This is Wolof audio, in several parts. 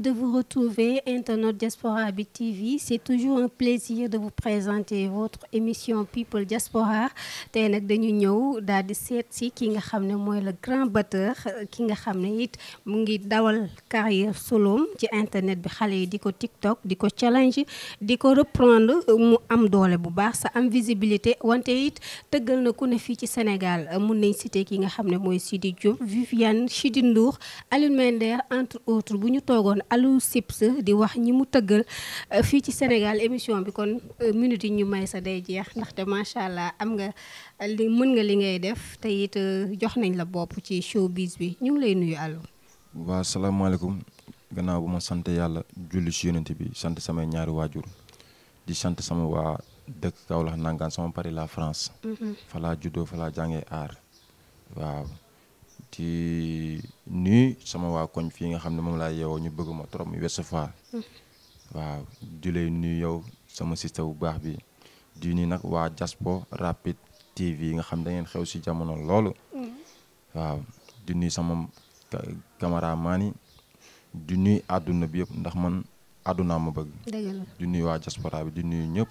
de vous retrouver, Internet Diaspora Habit TV. C'est toujours un plaisir de vous présenter votre émission People Diaspora. tey nag dañu ñëw daal di seet si ki nga le grand batteur qui nga xam it mu carrière soloom ci internet bi yi TikTok di ko challenge di reprendre mu am doole bu baax am visibilité wante it tëggal na ku Sénégal qui est citer ki nga xam ne mooy Sidi Diop Viviane Chidindour Mender entre autres bu ñu Alou Sips di wax ñi mu tëggal euh, fii ci Sénégal émission bi kon euh, minute yi ñu may sa day jeex ndaxte macha allah am nga euh, li mën nga li ngay def te it jox nañ la bopp ci bis bi ñu lay nuyu Alou. waaw salaamaaleykum gannaaw bu ma sant yàlla julli ci yonent bi sant samay ñaari waajur di sant sama waa dëkk Kaolack nangaan sama Paris la France. Mm-hmm. fa laa juddoo fa aar waaw. ci nuyu sama waa koñ fii nga xam ne moom laa yeewoo ñu bëgg ma trop mu Ouest Foire waaw di lay nuyu yow sama sista bu baax bi di nuyu nag waa Jaspo Rapid TV nga xam da ngeen xew si jamono loolu waaw di nuyu sama cameraman yi di nuyu àdduna bi yëpp ndax man àddunaa ma bëgg di nuyu waa Diaspora bi di nuyu ñëpp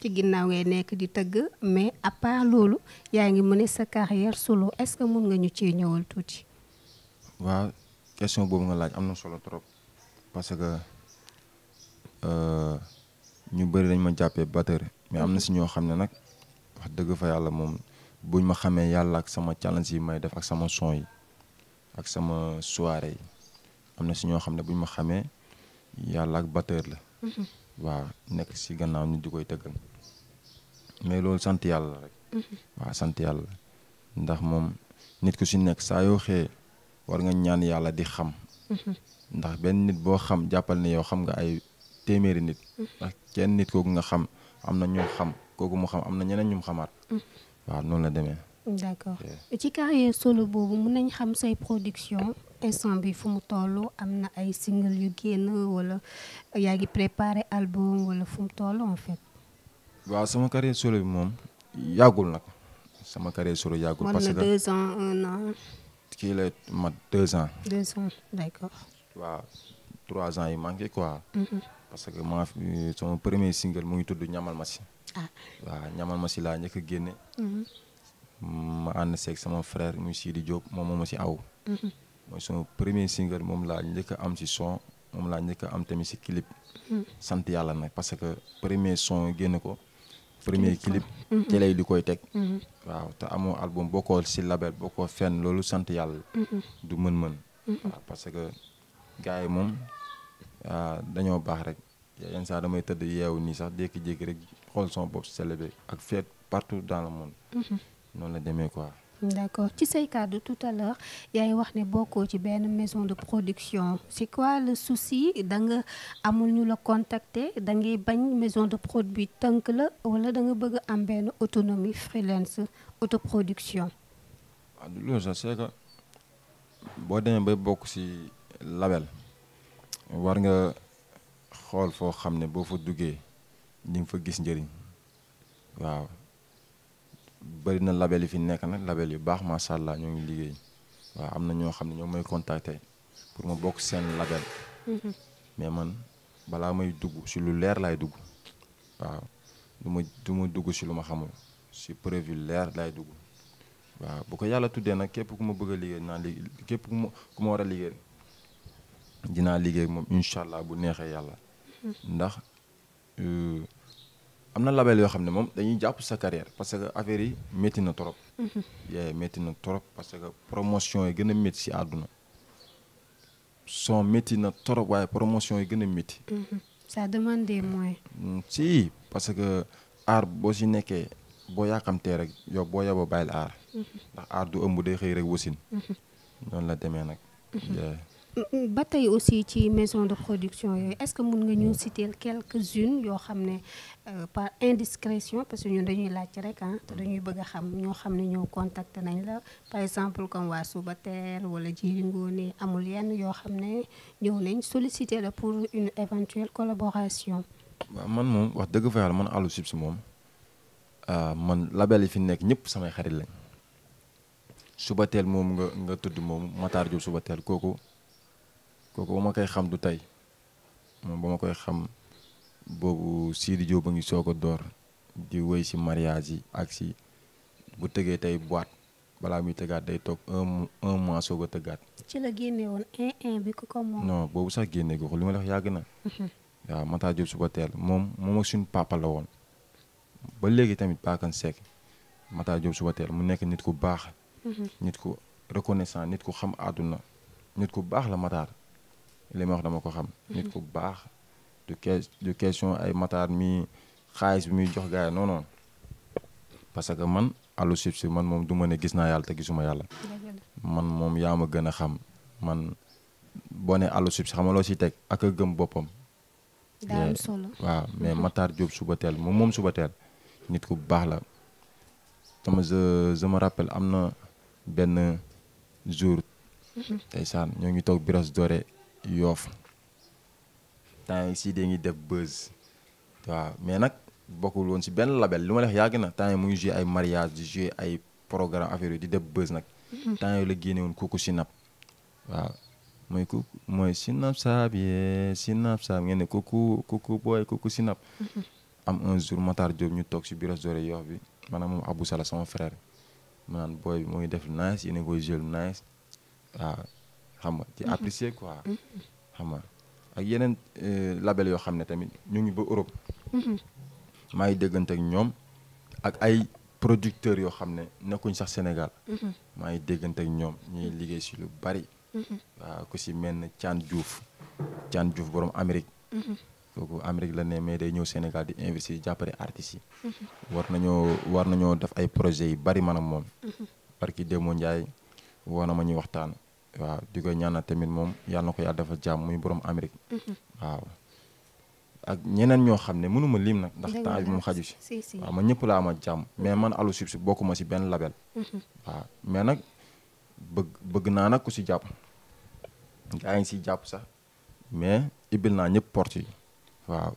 ci ginnaaw ngay nekk di tëgg mais à loolu yaa ngi mëne sa carrière solo est-ce que mun nga ñu cee ñëwal tuuti. waaw question boobu nga laaj am na solo trop parce que euh, ñu bëri dañ ma jàppee batteur mais am na si ñoo xam ne nag wax dëgg fa yàlla moom buñ ma xamee yàlla ak sama challenge yi may def ak sama son yi ak sama soirée yi am na si ñoo xam ne buñ ma xamee yàlla ak batteur la. Mm-hmm. waaw nekk si gannaaw nit di koy tëggal. mais loolu sante yalla rek. Mhm. wa sante yalla ndax mom nit ku ci nek sa yo xé war nga ñaan yalla di xam. Mhm. ndax ben nit bo xam jappal ni yow xam nga ay téméré nit. Mhm. ndax kenn nit kooku nga xam amna ñu xam kooku mu xam amna na ñeneen ñu xamaat. wa non la démé d'accord ci carrière solo bobu mu nañ xam say production instant bi fu mu toll am na ay single yu génn wala yaa ngi préparé album wala fu mu toll en fait waaw sama carrière solo bi mom yagul nak sama carrière solo yàggul. parce que man deux ans un an. kii la mat deux ans. deux ans d'accord. waaw trois ans yi manqué quoi. parce que maa son premier single mu ngi tudd ñamal ma ci ah wa ñamal ma ci la ñëk a hmm ma ànd sék sama frère muy Sidi Diop moom moo ma si aw. Mm-hmm. mooy sama premier single mom la ñëk am ci son mom la ñëk am tamit ci clip. Mm-hmm. sant yalla nak parce que premier son génn ko premier clip ci mhm. lay di koy teg mhm. waaw te amo album boo ci label boko ko fenn loolu sant mhm. du mën-mën parce que gaay mom moom ah, dañoo bax rek yenn saa damay tëdd yeewu ni sax dekk jékki rek xool son bopp célébré ak feet partout dans le monde non la demee quoi d'accord ci say de tout à l'heure il y wax ne bokkoo ci maison de production c'est quoi le souci da nga amul ñu la contacter da maison de produit tant que wala da nga bëgg am autonomie freelance autoproduction ah, Je sais que boo demee bay beaucoup ci label war nga xool foo xam ne boo fa duggee ni nga fa bëri na label fi nek nak label yu bax ma sha allah ñoo ngi liggéey waaw amna ño xamni xam ñoom may contacter pour ma bok sen label. Mhm. mais man bala may dugg si lu leer lay dugg wa duma duma dugg si lu ma xamul si prévu leer lay dugg wa bu ko yalla tuddee nak képp ku ma bëgg a liggéey dinaa liggéey képp ku ma ku ma war a liggéey dinaa liggéey moom incha bu neexee yalla mhm. ndax. euh am na label yoo xam ne moom dañuy jàpp sa carrière parce que affaire yi métti na trop. yee métti na trop parce que promotion yi gën a métti si àdduna. son métti na trop waaye promotion yi gën a métti. ça demande des moyens. Mm, si parce que aar boo si nekkee boo yàkkamtee rek yow boo yaboo bàyyil aar. Mm-hmm. ndax aar du ëmb day xëy rek wasin. Mm-hmm. noonu la demee nag. Mm-hmm batay aussi ci maison de production yoy est-ce que mun nga ñu citer quelques-unes yo xamné euh, par indiscrétion parce que ñun dañuy laaj rek hein te dañuy bëgg xam ñoo xamné ne ñoo contacté nañ la par exemple comme waa Subatel wala Djily amul yenn yo xamné ne nañ solliciter la pour une éventuelle collaboration. waaw man mom wax deug fa yàlla man Alou mom moom euh, man label yi fi nek ñep samay xarit lañ Subatel mom nga nga tudd mom Matar Diop Subatel kooku. kooku ba ma koy xam du tey moom ba ma koy xam boobu Sidi Diop ba ngi soog a door di wéy si mariage yi ak si bu tëgee tey boîte balaa muy tëggaat day toog un un mois soog a tëggaat. ci la génne woon un un bi ko ko moom. boobu sax génne ko li ma la yàgg na. waaw Matar Diop suba teel moom moom ak suñu papa woon ba léegi tamit Bakane Seck Matar Diop suba teel mu nekk nit ku baax. nit ku reconnaissant nit ku xam àdduna nit ku baax la Matar. li ma wax dama ko xam. Mhm. nit ku baax du que du question ay mataar mi xaalis bi muy jox gars yi non non parce que man Alou Ships man moom du ma ne gis naa yàlla te gisuma yàlla. man moom yaa ma gën a xam man boo nee Alou Ships xamaloo si teg ak a gëm boppam. daal solo waaw mais mhm. Matar Diop suba teel moom moom suba teel nit ku baax la. sama je je am na benn jour. tey mhm. saan ñoo ngi toog biras doré yoof temps yi si dee ngi def buzz waaw mais nag bokkul woon si benn label li ma leex yàgg na temps mu ngi joué ay mariage di joué ay programme affaire yooyu di def buzz nag mm-hmm. temps yooyu la génne woon kooku sinap waaw mooy ku sinap saab yee sinap saab ngeen ne kooku kooku booy kooku sinap mm-hmm. am un jour Matar Diop ñu toog si bureau doré yoof bi maanaam moom Abou Sala sama frère mu naan booy bi mooy def nice yéen nice xam nga ci mm-hmm. apprécier quoi. Mm-hmm. xam nga ak yeneen euh, label yoo xam ne tamit ñu ngi ba Europe. Mm-hmm. maa ngi déggante ak ñoom ak ay producteurs yoo xam ne nekkuñ sax Sénégal. maa ngi déggante ak ñoom ñuy liggéey si lu bari. waaw ku si mel caan Thiane Diouf Thiane Diouf borom Amérique. kooku Amérique la ne mais day ñëw Sénégal di investir jàppale artistes yi. war nañoo war nañoo def ay projets yu bari man ak moom. parce que Demba Ndiaye woo na ma ñuy waxtaan. waaw di ko ñaanal tamit moom yàlla na ko yàlla dafa jàmm muy borom Amérique. Mhm. waaw ak ñeneen ñoo xam ne mënuma lim nag. ndax temps bi moom xaju si. waaw ma ñëpp laa ma jàmm mhm. mais man alu Alou Ships bokkuma si benn label. Mhm. waaw mais nag bëgg bëgg naa nag ku si jàpp. gaa ngi siy jàpp sax mais ibbil naa ñëpp porte yi. waaw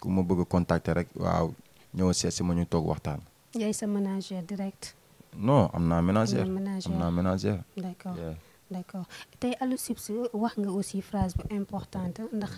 ku ma bëgg a contacter rek waaw ñëw seet si ma ñu toog waxtaan. yaay sa manager direct. non am naa manager am naa manager. d'accord. d'accord tey Alou Ships wax nga aussi phrase bu importante ndax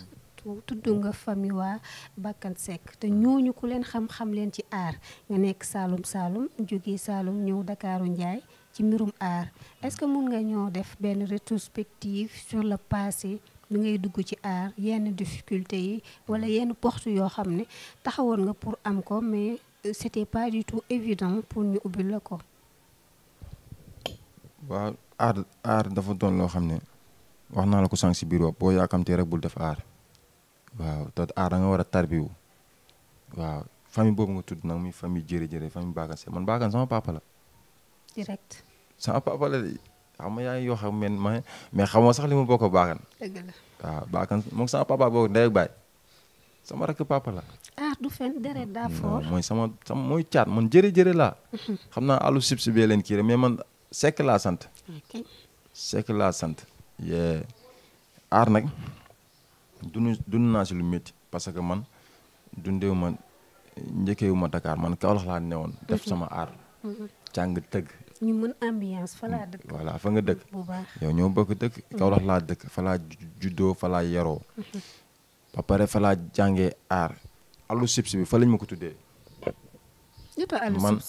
tudd nga famille waa Bakkan Seck te hmm. ñooñu ku leen xam-xam leen ci aar nga nekk Saalum Saalum jóge Saalum ñëw Dakaaru Njaay ci mbirum aar est-ce que mun nga ñoo def benn rétrospective sur le passé bi ngay dugg ci aar yenn difficulté yi wala hmm. yenn porte yoo xam ne taxawoon nga pour am ko mais euh, c'était pas du tout évident pour ñu ubbi la ko ar ar dafa doon loo xam ne wax naa la ko sànq si biir wax boo yaakamtee rek bul def ar waaw te ar nga war a tarbiwu waaw famille boobu nga tudd nag muy famille jërëjërë famille Bakane man bagan sama papa la. direct. sama papa la de xam ma yaa ngi yoo xam ne man mais xamoo sax li mu bokk Bakane. dëgg la waaw sama papa boobu ndey ak baay sama rek papa la. ar du fen dere daa mooy sama sama mooy caat man jere laa. Mhm. xam naa alu sib sibee leen kii mais man. Seck laa sant. ok Seck laa sant. aar nag dund dund naa si lu métti parce que man dundeewu ma njëkkeewu ma Dakar man laa ne woon. def sama aar. càng mhm. tëgg. ñu mën ambiance fa laa mm. dëkk. voilà fa nga dëkk. yow ñoo bokk mhm. laa juddoo fa laa yaroo. Mhm. ba pare fa laa jàngee aar. allu sibsi bi fa lañ ma ko tuddee. man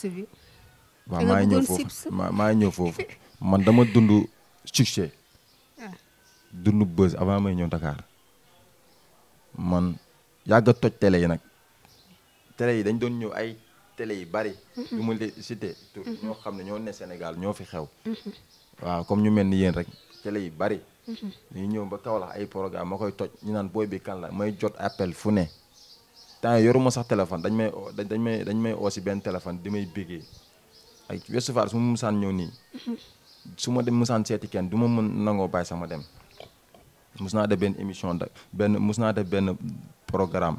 waaw maa ngi ñëw foofu maa ñëw foofu man dama dund succès ah. dund buzz avant may ñëw Dakar man yàgg toj tele yi nag télé yi dañ doon ñëw ay télé yi bari lu ma leen cité tur ñoo xam ne ñoo ne senegal ñoo fi xew waaw comme ñu mel ni yéen rek télé yi bari ñu ñëw ba Kaolack ay programme ma koy toj ñu naan booy bi kan la may jot appel fu ne temps yoruma sax téléphone dañ may dañ may dañ may oo si benn téléphone di may bégee ay westu faar su ma musaan ñëw nii su ma dem musaan seeti kenn du ma mën nangoo bàyyi sama dem mus naa def benn émission da benn mus naa def benn programme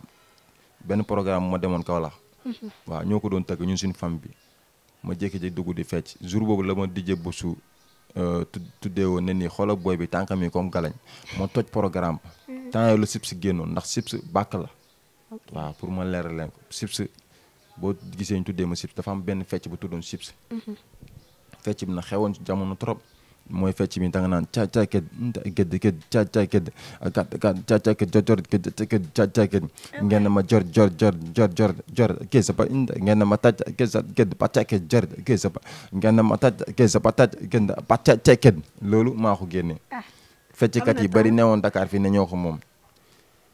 benn programme ma demoon Kaolack waaw ñoo ko doon tëgg ñun suñu fam bi ma jékki-jékki dugg di fecc jour boobu la ma dijjee bësu euh, tuddee woon ne nii xoolal booy bi tànkam yi galañ ma toj programme mm. temps yooyu la Sips génnoon ndax Sips bàkk la waaw pour ma leeral leen ko Sips bo gisé ñu tuddé ma sips dafa am ben fecc bu tuddoon sips. Mhm. fecc bi na xewon ci jamono trop. moy fecc bi da nga naan tia caa kët ged kët tia caa kat kat tia tia ked jor jor ked tia tia ked ngeen ma jor jor jor jor jor jor keesa ba ngeen ma taj sa ked pa tia kët jor sa pa ngeen ma taj sa pa taj ked pa tia tia ked lolu ma ko génne ah. kat yi bari newoon Dakar fi ne ñoko mom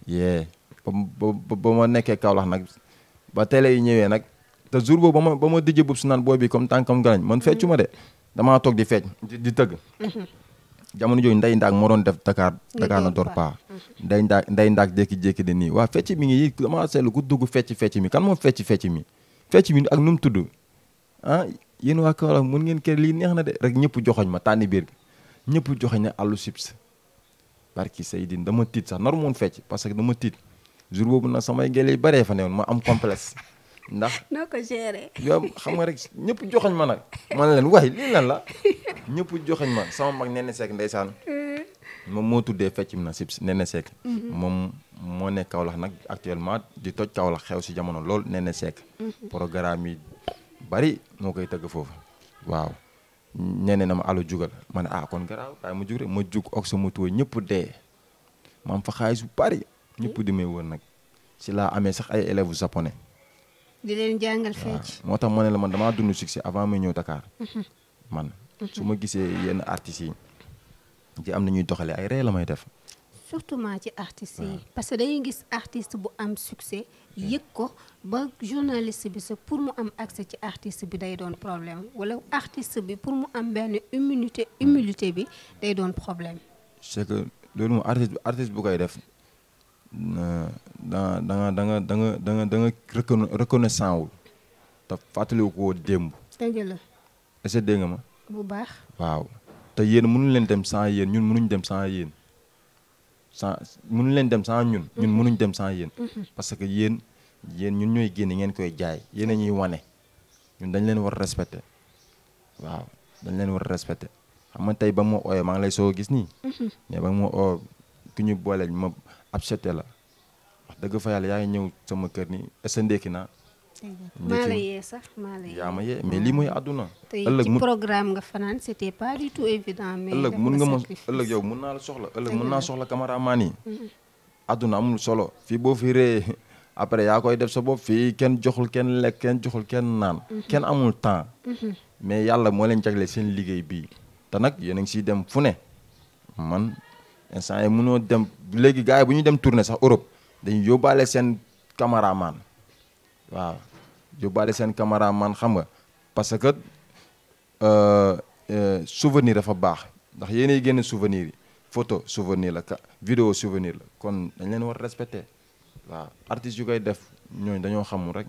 yé ba ba ma nekkee Kaolack nag ba télé yi ñëwee nag te jour boobu ba ma ba ma dijj bub si naan booy bi comme tànkam garañ man feccu ma de damaa toog di fecc di tëgg jamono jooju nday ndaak moo doon def Dakar Dakar na dor paa nday ndaak jékki de waa mi ngi yi damaa seetlu ku dugg mi kan moom fecc fecc mi fecc mi ak nu mu tudd ah yéen waa Kaolack mën ngeen kër lii neex na de rek ñëpp joxoñ ma tànni biir ñëpp joxoñ ne Alou Ships barki Seydine dama tiit sax nar moon fecc parce que dama tiit jur boobu nag samay gele yi baree fa newoon ma am complexe ndax. noo ko géré. yow xam nga rek ñëpp joxañ ma nag man leen waaye lii lan la ñëpp joxañ ma sama mag Nene Seck ndeysaan. Mm. moom moo tuddee feccim na sib Nene seek mm-hmm. moom moo nekk kawlax nag actuellement di toj Kaolack xew si jamono lool Nene seek mm-hmm. programme yi bari moo koy tëgg foofu waaw. ñeneen na ma allo jugal ma ne ah kon garaaw waaye ma jug rek ma jug ak sama tuwo ñëpp dee ma am fa xaalis bu bari C'est demee woon élèves japonais. di un fait Je suis un la succès avant artiste. Je Dakar. Mhm. man mhm. artiste. Je yenn artistes Je am artiste. Je ay artiste. je surtout ci artistes parce que suis artiste succès eh. yëg ba journaliste bi sax pour mu am accès artiste bi day problème artiste pour mu am Je immunité immunité bi day doon problème. c'est que suis un artiste Je bu koy da nga da nga da nga da nga da nga te fàttaliwu ko démb. dëgg la. est que dégg nga ma. bu baax waaw. te yéen mënu leen dem sans yéen ñun mënuñ dem sans yéen sans mënu leen dem sans ñun. ñun mhm. mënuñ dem sans mhm. parce que yéen yéen ñun ñooy génn ngeen koy jaay yéen a ñuy wane ñun dañ leen war respecté waaw dañ leen war respecté xam nga tey ba ma ooyee maa ngi lay soo gis nii. Mhm. mais ba ma oo ku ñu boole ma. ab sete la wax dëgg fa yàlla yaa ngi ñëw sama kër ni sa ndékki naa. yaa ma yee mais lii mooy àdduna. ëllëg ci programme nga mun nga ma ëllëg yow mun naa la soxla ëllëg mun naa soxla cameraman yi. àdduna amul solo fii boo fi ree après yaa koy def sa bopp fii kenn joxul kenn lekk kenn joxul kenn naan. kenn amul temps. mais yàlla moo leen jagle seen liggéey bi te nag yéen a ngi siy dem fu ne man instant yi mënoo dem léegi gars yi bu ñuy dem tournée sax Europe dañuy yóbbaale seen caméraman waaw yóbbaale seen caméraman xam nga parce que euh, euh, souvenir dafa baax ndax yéenay génn souvenir yi photo souvenir la vidéo souvenir la kon dañ leen war respecté waaw artistes yu koy def ñooñu dañoo xamul rek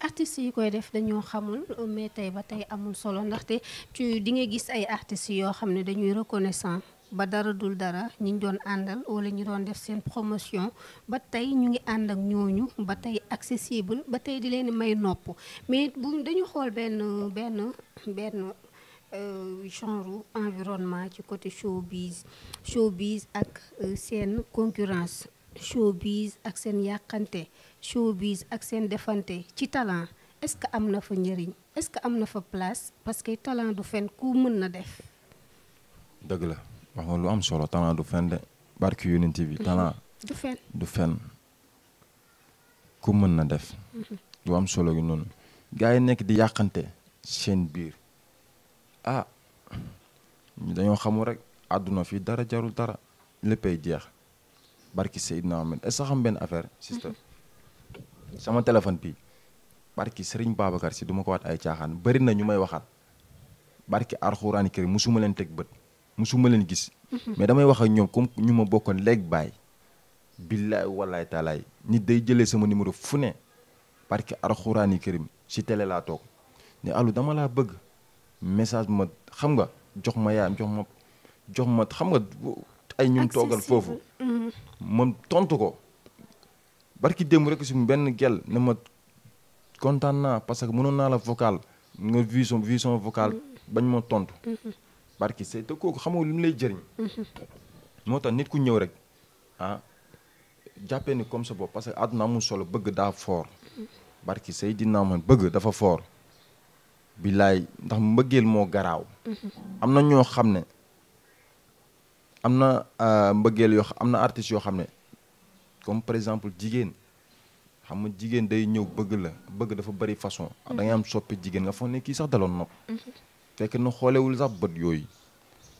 artistes yi koy def dañoo xamul mais tey ba tey amul solo ndaxte ci di nga gis ay artistes yoo xam ne dañuy reconnaissant ba dara dul dara ñi doon àndal wala ñi doon def seen promotion ba tey ñu ngi ànd ak ñooñu ba tey accessible ba tey di leen may nopp mais bu dañu xool benn benn benn euh, genre environnement ci côté showbiz showbiz ak euh, seen concurrence showbiz ak seen yàqante showbiz ak seen defante ci talent est-ce que am na fa njëriñ est-ce que am na fa place parce que talent du fen ku mën na def wax nga lu am solo talent du fen de barki Yonent bi talent mm-hmm. du fen du fen ku mën na def mm-hmm. lu am solo gi noonu gaa yi nekk di yàqante seen biir ah dañoo xamul rek àdduna fii dara jarul dara léppay jeex barki Seydina Ahmed est ce xam benn affaire sister mm-hmm. sama téléphone bi barki Serigne Babacar si du ma ko waat ay caaxaan bëri na ñu may waxaat barki Alxuraani kër musuma leen teg bët musuma ngisi. gis. Mhm. mais damay wax ak ñom comme ñu ma bokkoon léegi baay. billaay wallaay taalaay nit day jëlee sama numéro fune parce que alxuraani karim ci télé la tok ne alu dama la bëgg message ma xam nga jox ma yaayam jox ma jox ma xam nga ay ñum togal fofu mhm. tontu ko. barki dem rek ci ben gel ne ma kontaan parce que mënon na la vocal nga vu son vu vocal mhm. bañ ma tontu. barki sëy te kooku xamoo lu mu lay jëriñ. Mm-hmm. moo tax nit ku ñëw rek ah, jàppee ni comme sa bopp parce que àdduna amul solo bëgg daa foor mm-hmm. barki sëy dina man bëgg dafa foor billaay ndax mbëggeel moo garaaw. Mm-hmm. am na ñoo xam ne am na euh, mbëggeel yoo am na artistes yoo xam ne comme par exemple jigéen xam nga jigéen day ñëw bëgg la bëgg dafa bari façon. da am soppi jigéen nga foog ne kii sax daloon nopp fekk na xoolewul sax bët yooyu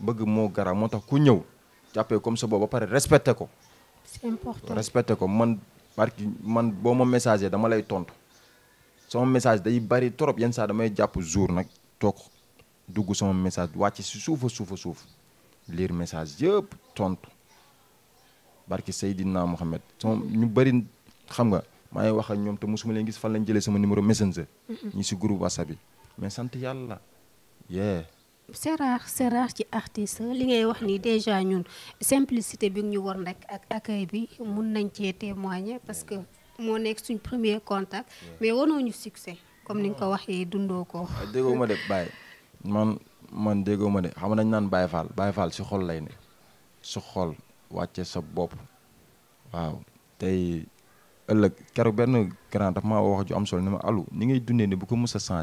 bëgg moo gara moo tax ku ñëw jàppee comme sa boobu ba pare respecté ko. c'est ko man parce man boo ma messager dama lay tontu sama message day bari trop yan saa damay jàpp jour nag toog dugg sama message wàcc si suufa suufa suuf liir message yëpp tontu barki Seydina Mohamed sama ñu bari xam nga maa ngi wax ñoom te mosuma leen gis fan lañ jëlee sama numéro messenger. ñi si groupe whatsapp bi mais sant yàlla. yeah c'est rare c'est rare ci artiste li ngay wax nii déjà ñun simplicité bi ñu war rek ak accueil bi mun nañ cee témoigner parce que moo nekk suñ premier contact mais wanoo ñu succès comme ni nga ko waxee dundoo ko ah, déggoo ma de Baye man man déggoo ma de xam nañ naan Baye Fall Baye Fall si xol lay ne si xol wàcce sa bopp waaw tey ëllëg keroog benn grand daf ma wax ju am solo ni ma alu ni ngay dundee ni bu ko mës a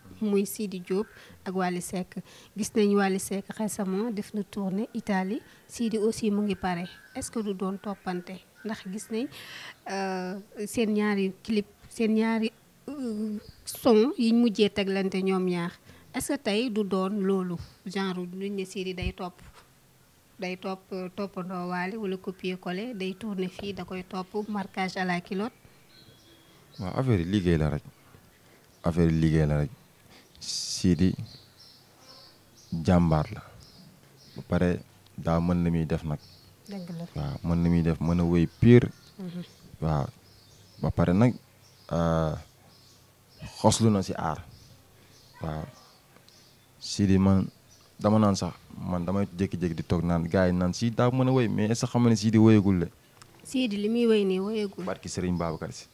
muy Sidi Diop ak Wali Sek gis nañ Wali Sek récemment def na tourner Italie Sidi aussi mu ngi paré est-ce que du doon toppante ndax gis nañ euh, sen ñaari clip sen ñaari euh, son yiñ mujjee teglante ñom ñaar est-ce que tay du doon lolu genre ñu ne Sidi day top, day top toppandoo wali wala copier coller day tourner fi da koy top marquage à la culotte. wa affaire yi la rek affaire yi la rek Sidi jàmbaar la ba pare daa mën na muy def nag. mën na muy def mën a wéy pire. Mhm. waaw ba pare nag ah, xoslu na si aar waaw Sidi man dama naan sax man damay jékki-jékki di toog naan gaa yi naan Sidi daa mën a wéy mais est-ce que xam nga ne Sidi wéyagul la. li muy wéy nii wéyagul. barki Serigne Babacar si.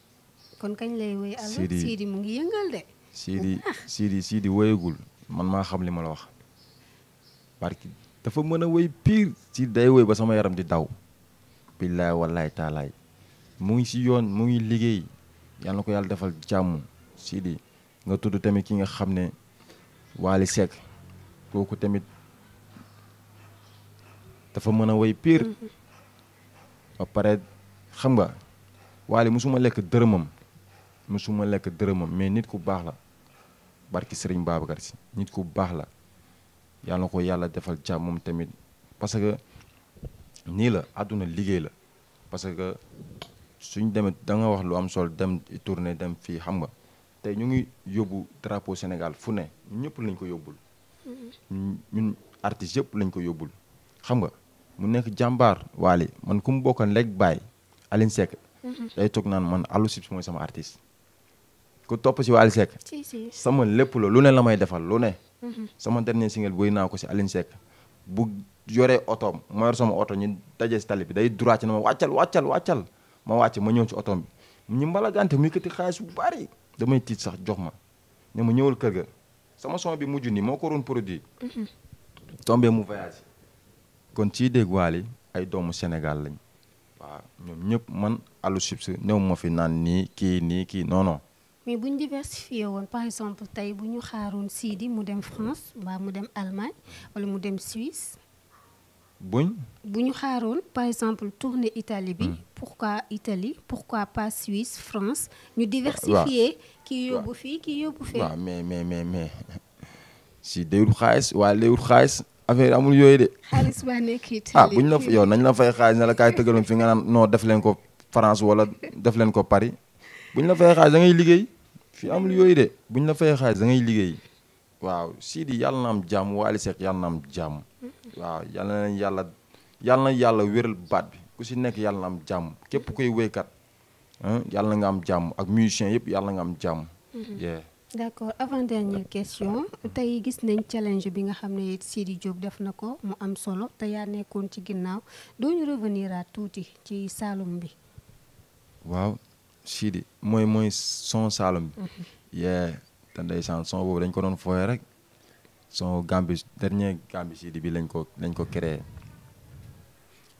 kon kañ lay wéy. Sidi Sidi mu ngi yëngal de. Sidi Sidi Sidi woyagul man maa xam li ma la wax parce dafa mën a woy piir Sidi day woy ba sama yaram di daw billaay wallaay taalaay mu ngi si yoon mu ngi liggéey yal na ko yàlla defal jàmm Sidi nga tudd tamit ki nga xam ne Waly Seck kooku tamit dafa mën a woy piir ba pare xam nga Waly musuma lekk dërëmam musuma lekk dërëmam mais nit ku baax la barki sëriñ Babacar si nit bu baax la yàlla ko yàlla defal jàmm moom tamit parce que nii la àdduna liggéey la parce que suñ demee da nga wax lu am sol dem tournée dem fii xam nga tey ñu ngi yóbbu drapeau Sénégal fu ne ñëpp lañ ko yóbbul mm-hmm. ñun artistes yëpp lañ ko yóbbul xam nga mu nekk jàmbaar waale man ku mu bokkoon lekk baay Aline Seck mm-hmm. day toog naan man Alou Ships mooy sama artiste ku topp si waa Alioune Seck sama lépp la lu ne la may defal lu ne mhm. sama dernier single woy naa ko si Alioune Seck bu yoree otoom ma yor sama oto ñu daje si tali bi day droit ci na ma wàccal wàccal ma wàcc ma ñëw ci otoom bi ñu mbalagante mu yëkkati xaalis bu bari damay tiit sax jox ma ne ma ñëwal kër ga sama son bi mujj nii moo ko doon produit mhm. tombé mu voyage kon ciy dégg waali ay doomu senegal lañ waaw ñoom ñëpp man Alou Ships néew ma fi naan nii kii nii kii noonoo mais bon, ñu diversifié par exemple tey bu ñu xaaroon Sidi mu dem France mbaa mu dem Allemagne wala mu dem Suisse. buñ. Bon, nous xaaroon par exemple tourner Italie bi. Hmm. pourquoi Italie pourquoi pas Suisse France. ñu bah, diversifier, kii yóbbu fii qui yóbbu fee. waaw mais mais mais mais si déwul xaalis ou léwul xaalis affaire amul yooyu de. ah buñ la yow nañ la fay xaalis ne la kaay tëggaloon fi nga non def leen ko France wala def leen ko Paris buñ la fay xaalis da ngay liggéey. fii amul yooyu de buñ la fay xaalis da ngay liggéey waaw Sidi yàlla na am jàmm Wally Seck yàlla na am jàmm waaw yàlla na yàlla yàlla na yàlla wéral baat bi ku si nekk yàlla na am jàmm képp koy wéykat yàlla nga am jàmm ak musicien yëpp yàlla nga am jàmm mm-hmm. yeah d'accord tey gis nañ challenge bi nga xam ne Sidi Diop def na ko mu am solo te yà nekkoon ci ginnaaw doo ñu revenir à tuuti ci Saloum bi waaw Sidi moy son Saalum mhm. yeah yee son boobu dañ ko don foyer rek son Gambie dernier Gambie Sidi bi lañ ko lañ ko créé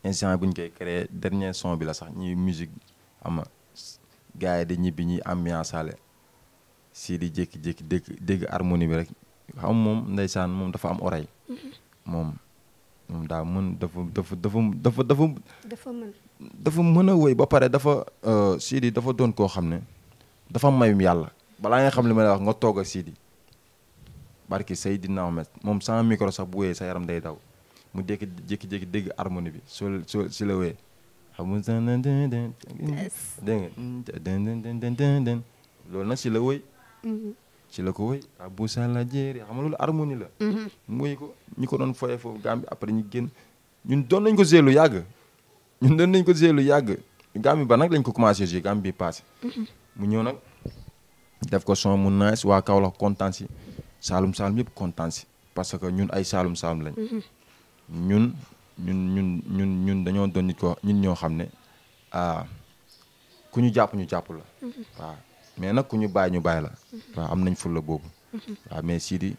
instant dernier son bi la sax musique xam nga de yi Sidi harmonie bi rek xam dafa am oreille mom mhm. moom daa mën dafa dafa dafa dafa dafa. mën a wéy ba pare dafa euh, Sidi dafa doon koo xam ne dafa mayum yàlla balaa nga xam li ma lay wax nga toog ak Sidi barki Seydina Ahmed moom sans micro sax bu wéyee sa yaram day daw mu jékki jékki-jékki dégg harmonie bi soo soo si la wéyee xam nga. dégg nga loolu nag si la wéy. Mm-hmm. ci la ko woy Abusa la jéeri xam nga loolu harmonie la. Mm-hmm. mu woy ko ñi ko doon foyee foofu Gambie après ñu génn ñun doon nañ ko see lu yàgg ñun doon nañ ko zéelu yàgg Gambie ba nag lañ ko commencé jouer Gambie bi paase mm-hmm. mu ñëw nag def ko son mu nice waa Kaolack kontaan si Saalum Saalum yëpp kontaan si parce que ñun ay Saalum Saalum lañ. Mm-hmm. ñun ñun ñun ñun ñun dañoo doon nit ko ñun ñoo xam ne ah, ku ñu jàpp ñu jàpp la waaw. mais nag ku ñu bàyyi ñu bàyyi la. Mhm. waaw am nañ fulla boobu. Mhm. waaw mais Sidi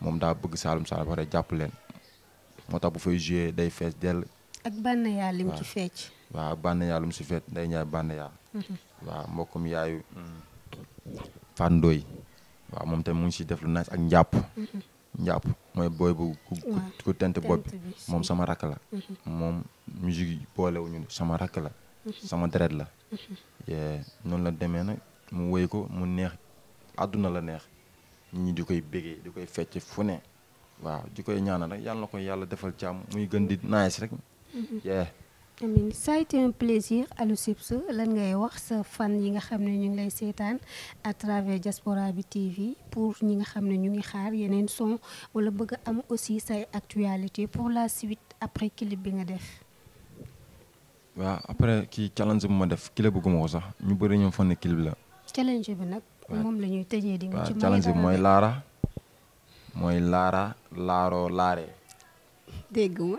moom daa bëgg Saalum Saalum wax dëgg jàpp leen moo tax bu fay joué day fees dell. ak bànn yaa lim ci fecc. day ñaay bànn yaa. Mhm. waaw mbokkum yaayu. Fandoy. waaw moom tamit mu ngi siy def lu nice ak njàpp. njàpp mooy booy bu ku tent bopp moom sama rakk la. moom musique yi boolewuñu sama rakk la. sama deret la. noonu la demee nag. mu woy ko mu neex aduna la neex ñi di koy bégee di koy fecc fu ne waaw di koy ñaanal rek yàlla na koy yàlla defal jàmm muy gën di nice rek. Mhm. amiin ça a été un plaisir Alou Ships lan ngay wax sa fan yi nga xam ne ñu ngi lay seetaan à travers Diaspora bi TV pour ñi nga xam ne ñu ngi xaar yeneen son wala bëgg am aussi say actualité pour la suite après clip bi nga def. waaw après ki challenge bu ma def clip bëgguma ko sax ñu bëri ñoom fan ne clip la. challenge bi nag. moom la ñuy tëjee di. ci mooy laara mooy laara laaroo laare. dégg ma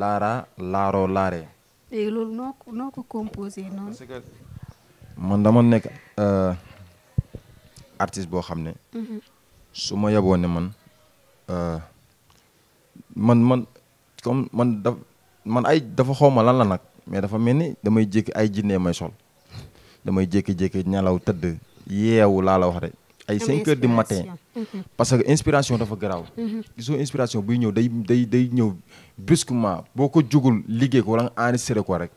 laara laaroo laare. léegi eh, loolu noo ko noo noonu. que man dama nekk euh, artiste boo xam ne. Mhm. su ma yeboo ne man euh, man man comme man daf ay dafa xaw ma lan la nag mais dafa mel ni damay jékki ay jinne may sol. damay jékki-jékki ñalaw tëdd yeewu laa la wax de ay 5 heures du matin mhm. parce que inspiration dafa garaw mhm. gisoo inspiration buy ñëw day day day ñëw brusquement boo ko jugul liggéey ko wala nga enregistré ko rek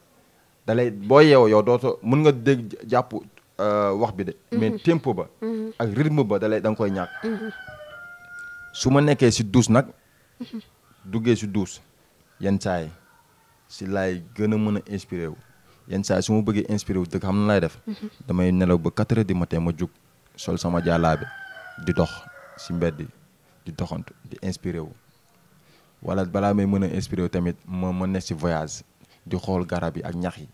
dalay boo yeewoo yow dootoo mën nga dégg jàpp euh, wax bi de mhm. mais tempo ba ak rythme ba dalay da nga koy ñàkk su ma nekkee si douche nag duggee si douche yenn saa yi si laay gën a mën a inspiré wu yenn saa su ma bëggee inspiré wu dëgg xam na lay def damay nelaw ba quatre heures du ma jug sol sama jàllaabe di dox si mbedd di doxantu di wu wala balaa may mën a inspiré tamit ma ma nekk si voyage di xool garab yi ak ñax yi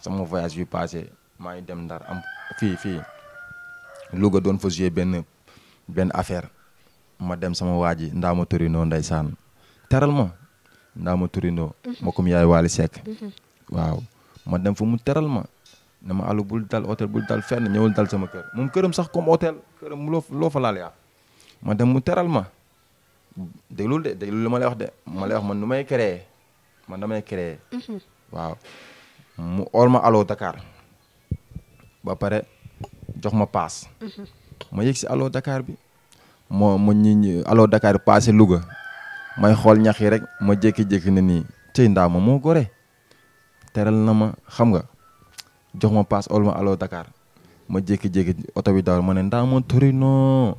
sama voyage yu passé maa ngi dem ndar am fii fii Louga doon fa joué benn benn affaire ma dem sama waa ji ndaa ma turindoo ndeysaan teral ma ndaa ma turindoo ma comme yaay Waly Seck mhm. waaw ma dem fu mu teral ma ne ma alu bul dal hotel bul dal fenn ñewul dal sama kër mum kërëm sax comme hotel, kërëm lo lo fa laal ya ma dem mu teral ma déglul de de li ma lay wax de ma lay wax man numay créer man damay créer mhm. waaw mu or ma alo Dakar ba pare jox ma pass mhm. ma yexi alo Dakar bi mo mo ñi alo Dakar passé Louga may xol ñax yi rek ma jéki jéki ni tey teral na ma xam nga jox ma pass ol ma allo Dakar ma jekki jekki auto bi dawal ma ndam Torino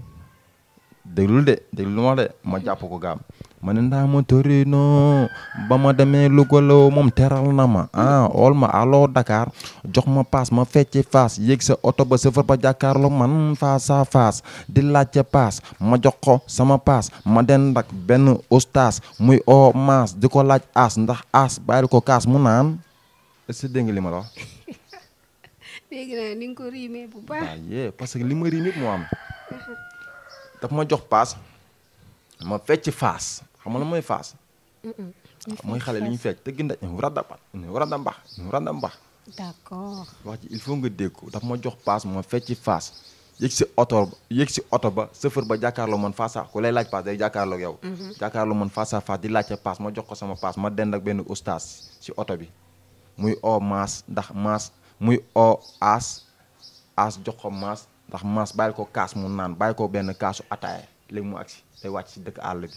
déglul de déglul ma de ma japp ko gam ma ndam Torino ba ma demee lu la teral na ma ah ol ma allo Dakar jox ma pass ma fecci faas yéeg sa auto ba sefer ba lo man face à face di laajte pass ma jox ko sama pass ma den dak ben ostaas muy o mas di lacc as ndax as bàyyil ko mu nan est-ce que dégg li ma la naa ni nga ko riimee bu baax. waaw parce que li ma riim yëpp moo am. daf ma jox paas ma fecc faas xam la mooy faas. mooy xale li ñu fecc tëgg ndaj war a dapat ñu war a da mbax a mbax. d'accord wax ji il faut nga dégg ko daf ma jox paas ma fecc faas. yéeg si oto yéeg si oto ba chauffeur ba jàkkaarloo man face à ku lay laaj paas day jàkkaarloo yow. Mm-hmm. jàkkaarloo man face à face di laaj paas ma jox ko sama paas ma dend ak benn oustaz si oto bi. muy oo maas ndax maas muy oo aas aas jox ko maas ndax maas bàyyil ko kaas mu naan bàyyi ko benn kaasu ataaya léegi mu agsi day wàcc si dëkk àll bi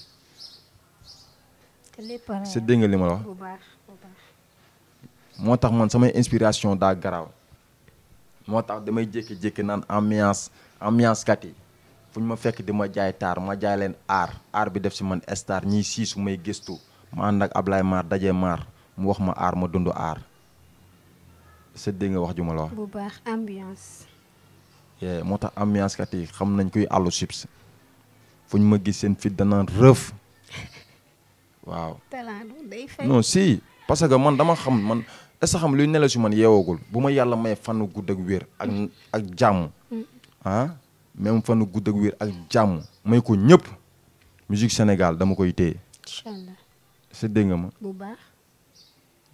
si dégg li ma wax moo tax man samay inspiration daa garaaw moo tax damay jékki-jékki naan ambiance ambiance kat yi fu ñu ma fekk di ma jaay taar ma jaay leen aar aar bi def si man star ñiy siisu may gëstu ma ànd ak Ablaye Maar daje Maar mu wax ma aar ma dund aar dégg nga wax ju ma wax. bu baax ambiance. moo tax ambiance kat xam nañ kuy àllu chips fuñ ma gis seen fit dana waaw. non si parce que man dama xam man est ce xam luy si man bu ma may je gudd ak wér ak mm. ak jàmm mm. ah même gudd ak wér ak jàmm may ko ñëpp musique Sénégal dama koy téye. ma bu baax.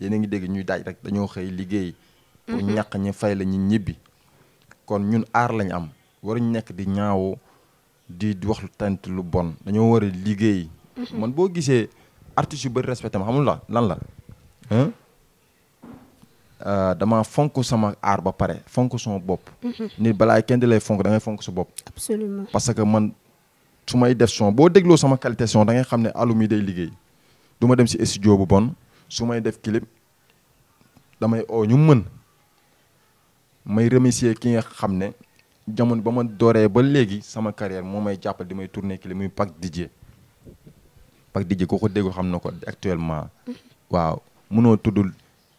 yéen a ngi dégg ñuy daaj rek dañoo xëy liggéey. pour mhm. ñàq ñi fay la ñu ñibbi. kon ñun aar lañ am waruñ nekk di ñaawoo di di wax tant lu bon dañoo war a liggéey. Mhm. man boo gisee artistes yu bëri respecté ma xamul la lan la. Euh, damaa fonk sama aar ba pare fonk sama bopp. Mhm. nit balaa kenn di lay fonk da fonk sa bopp. absolument parce que man su may def son boo dégloo sama qualité son da ngay xam ne alum yi day liggéey du ma dem si studio bu bon. su def clip damay o ñu mën may remercier ki nga xamné ne bama ba ba légui sama carrière moo may jàppal di may tourner clip muy Pac DJ Pac DJ ko ko déggu xamna ko actuellement waaw mëno tudul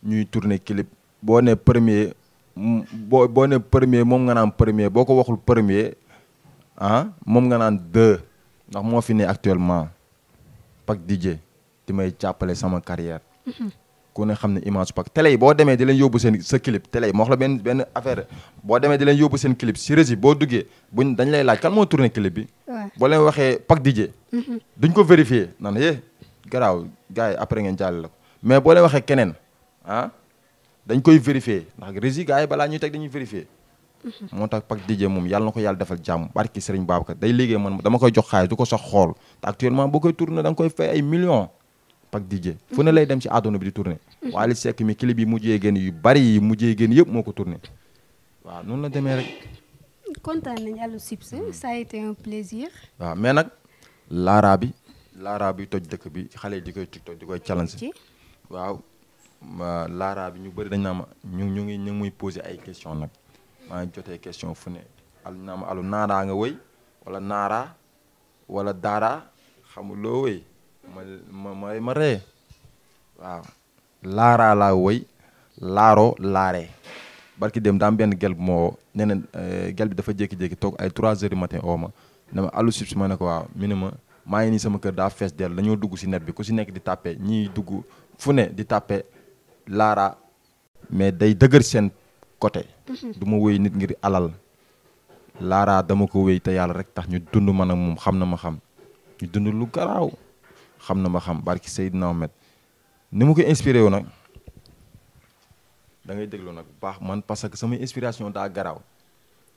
ñuy tourner clip bo né premier bo boo ne premier mom nga nan premier boko waxul premier hein, ah, mom nga nan deux ndax mo fi actuellement Pac DJ di may sama carrière ku ne xam ne image pak télé yi boo demee di leen clip télé yi moo la benn affaire boo demee di clip si régie boo duggee buñ dañ lay laaj kan clip bi boo leen waxee DJ mm-hmm. duñ ko vérifier naan eh, yee après ngeen mais boo leen waxee keneen ah dañ koy vérifier ndax régie gars dañuy vérifier mm-hmm. DJ moom yàlla na ko yàlla defal jàmm barki Serigne Babacar day dama koy jox du ko sax actuellement boo koy tourné da nga koy fay ay millions rap ak DJ fu ne lay dem si àdduna bi di tourné Wally Seck mi clip yi mujjee génn yu bari yi mujjee génn yëpp moo ko tourné waaw noonu la demee rek kontaan nañ Alou Ships ça été un plaisir waaw mais nag laaraa bi laaraa bi toj dëkk bi xale yi di koy tiktok di waaw laaraa bi ñu bëri dañ naa ma ñu ñu ngi ñu muy posé ay question nag maa jotee question fu ne al naaraa nga woy wala naaraa wala daaraa xamuloo woy ma ma ma ree waaw laaraa laa woy laaroo laaree barki dem daam benn gel bu moo nee na eh, gel bi dafa jékki-jékki toog ay 3 heures du matin oo ma ne ma allo sibs ma ne ko waaw mi ma maa ngi nii sama kër daa fees dell dañoo dugg si net bi ku si nekk di tàppe ñiy dugg fu ne di tàppe laara mais day dëgër seen côté mhm. du ma wéy nit ngir alal laaraa dama ko wéy te yàlla rek tax ñu dund ma ak moom xam na ma xam ñu dund lu garaaw xam na ma xam barki Seydina Mohamed ni mu ko inspiré wu nag da nag bu baax man parce que sama inspiration daa garaaw.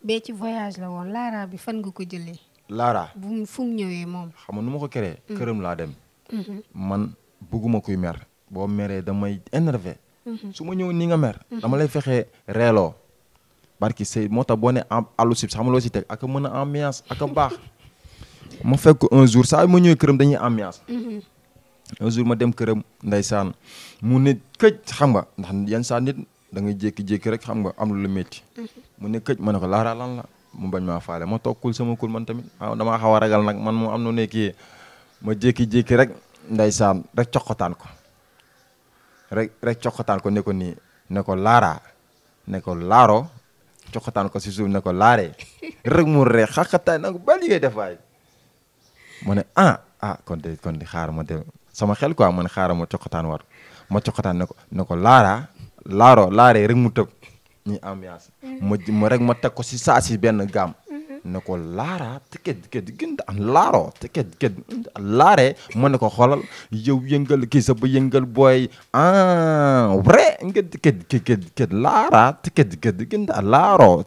bee ci voyage la woon Laara bi fan nga ko jëlee. Laara bu fu mu ñëwee moom. xam nu ma ko créé. Mm. këram laa dem. Mm-hmm. man bëgguma kuy mer. boo meree damay énervé. Mm-hmm. su ma ñëw ni nga mer. Mm-hmm. dama lay fexee reeloo. barki sëy moo tax boo ne en àllu loo si teg ak a mën a ambiance baax. ma fekk un jour saa ma ñëwee këram dañuy ambiance. Mhm. un ma dem këram ndeysaan mu ne këj xam nga ndax yenn saa nit da ngay jékki-jékki rek xam nga am lu lu métti. Mhm. mu ne këj ma ne ko laara lan la mu bañ maa faale ma toog kul sama kul man tamit damaa xaw a ragal nag man moo am nu nekkee ma jékki-jékki rek ndeysaan rek coqotaan ko rek ko ne ko nii ne ko laara ne ko laaro coqotaan ko si suuf ne ko laare rek mu ree xaqataay nag ba li ngay def ma ne ah ah kon de kon di xaaral ma dem sama xel quoi ma ne xaaral ma coqataan war ma coqataan ne ko ne ko laaraa laaroo laare rek mu tëb ñu ambiance ma ma rek ma teg ko si saa si benn gaam mhm. ne ko laara te ket ket gënd am laaroo te ket ne ko xoolal yow yëngal kii sa ba yëngal booy ah vrai nga ket ket ket laaraa te ket ket gënd am laaroo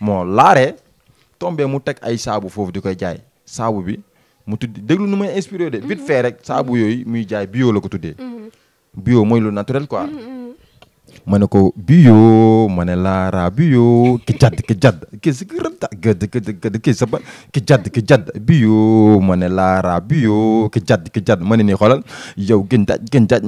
moo laaree tombe mu teg ay saabu foofu di koy jaay saabu bi. mu tudd déglu nu may inspiré de vite mhm. fait rek saabu yooyu muy jaay bio la ko tuddee mhm. bio mooy lu naturel quoi mhm, mane ne ko biyo ma ne laaraa biyo ki jadd ki jadd ki si rënta gëdd gëdd gëdd ki sa ba ki jadd ki jadd biyo ma ne laaraa ma xoolal yow gën daj gën daj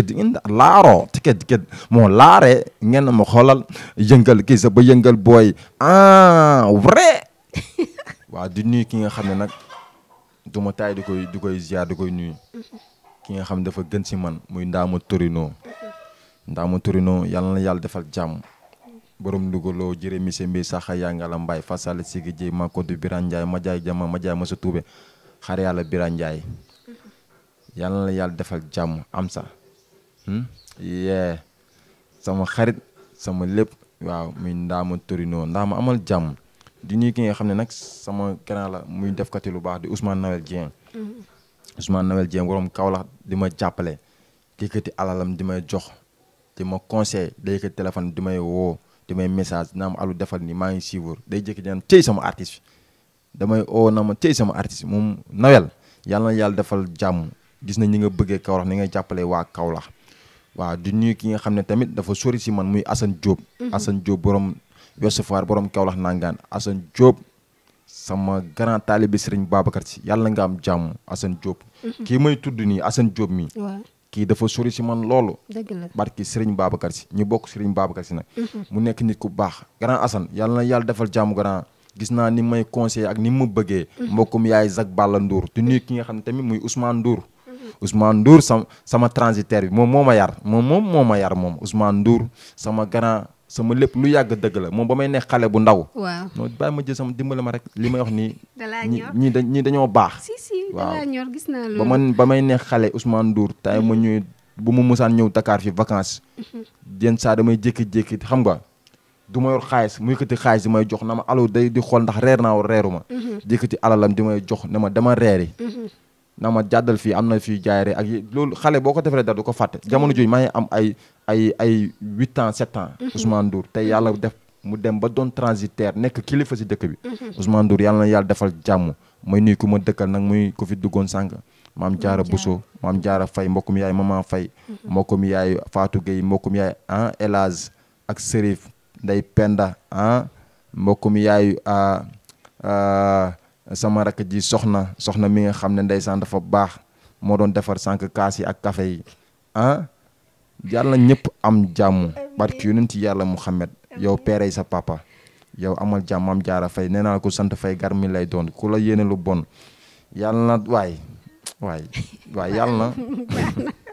gën daj daj moo laaree ngeen ma xoolal yëngal ki sa ba yëngal booy ah di nuyu ki nga xam ne nag du ma taay di koy di koy ziar koy nuyu ki nga xam dafa gën ci man muy ndamu Torino ndamu Torino yalla na yalla defal jam borom ndugolo jërë mise mbi saxa yaa ngala fasal sigi ji ma du biran Ndiaye ma jaay jama ma jaay ma sa tuube xar yalla biran Ndiaye yalla na yalla defal jam am sa hmm? yee sama xarit sama lepp waaw muy ndamu Torino ndamu amal jam di nuyu ki nga xamne nak sama kanala muy def katé lu baax di Ousmane Nawel jien mm-hmm. Ousmane Nawel Dieng worom kaolax dima ma di yëkkati alalam di jox di ma conseil day yëkkati téléphone di wo dima message nam alu defal ni ma ngi suivre day jëk ñan tey sama artiste damay o na ma tey sama artiste mum nawel yalla na defal jamm gis na ñi nga bëggee wax ni nga wa waa Kaolack wa di nuyu ki nga xamné tamit dafa sori ci man muy Assane job mhm. Assane job borom Ouest Foire borom Kaolack nangaan Assane job sama grand tali Serigne Babacar si yalla nga am jamm Assane job Mhm. kii may tudd ni Assane Diop mii. kii dafa sori si man loolu. dëgg la barki Serigne Babacar si ñu bokk Serigne Babacar si nag. Mhm. mu nekk nit ku baax grand Assane yàlla na yàlla defal jàmm grand. gis naa ni may conseillé ak ni ma bëggee. Mhm. mbokkum yaay Zak Balla Ndour te nuyu ki nga xam ne tamit muy Ousmane Ndour. Ousmane Ndour sama sama bi moom moo ma yar moom moom moo ma yar moom Ousmane Ndour sama grand. sama lépp lu yàgg dëgg la moom ba may nekk xale bu ndaw. bàyyi ma jël sama dimbale ma rek li may wax nii. dalaa ñor ñii dañoo baax. si ba man ba may nekk xale Ousmane Ndour tay ma ñëw bu mu musaan ñëw Dakar fi vacances. yenn saa damay jékki-jékki xam nga. du ma yor xaalis mu yëkkati xaalis di may jox na ma allo day di xool ndax reer naa war reeru ma. yëkkati alalam di may jox na ma dama reeri na ma jàddal fii am na fii jaayre ak loolu xale boo ko defee da du ko fàtte jamono jooju maa ngi am ay ay ay huit ans sept ans mhm. Ousmane Ndour tey yàlla def mu dem ba doon transitaire nekk kilifa si dëkk bi mhm. Ousmane Ndour yàlla na yàlla defal jàmm mooy nuyu ku ma dëkkal nag muy ko fi duggoon sànq maam jaara Bousso maam jaara Faye mbokkum yaay maman Faye mhm. mbokkum yaay faatu Gueye mbokkum yaay ah ak Serif Ndey Penda ah mbokkum yaay ah, ah, sama rakk ji soxna soxna mi nga xam ne ndeysaan dafa baax moo doon defar sànq kaas yi ak kafe yi ah yàlla ñëpp am jàmm barki yonent yàlla Muhammad yow peerey sa papa yow amal jàmm am jaara fay nee naa ko sant fay gar mi lay doon ku la yéene lu bon yàlla na waay yàlla na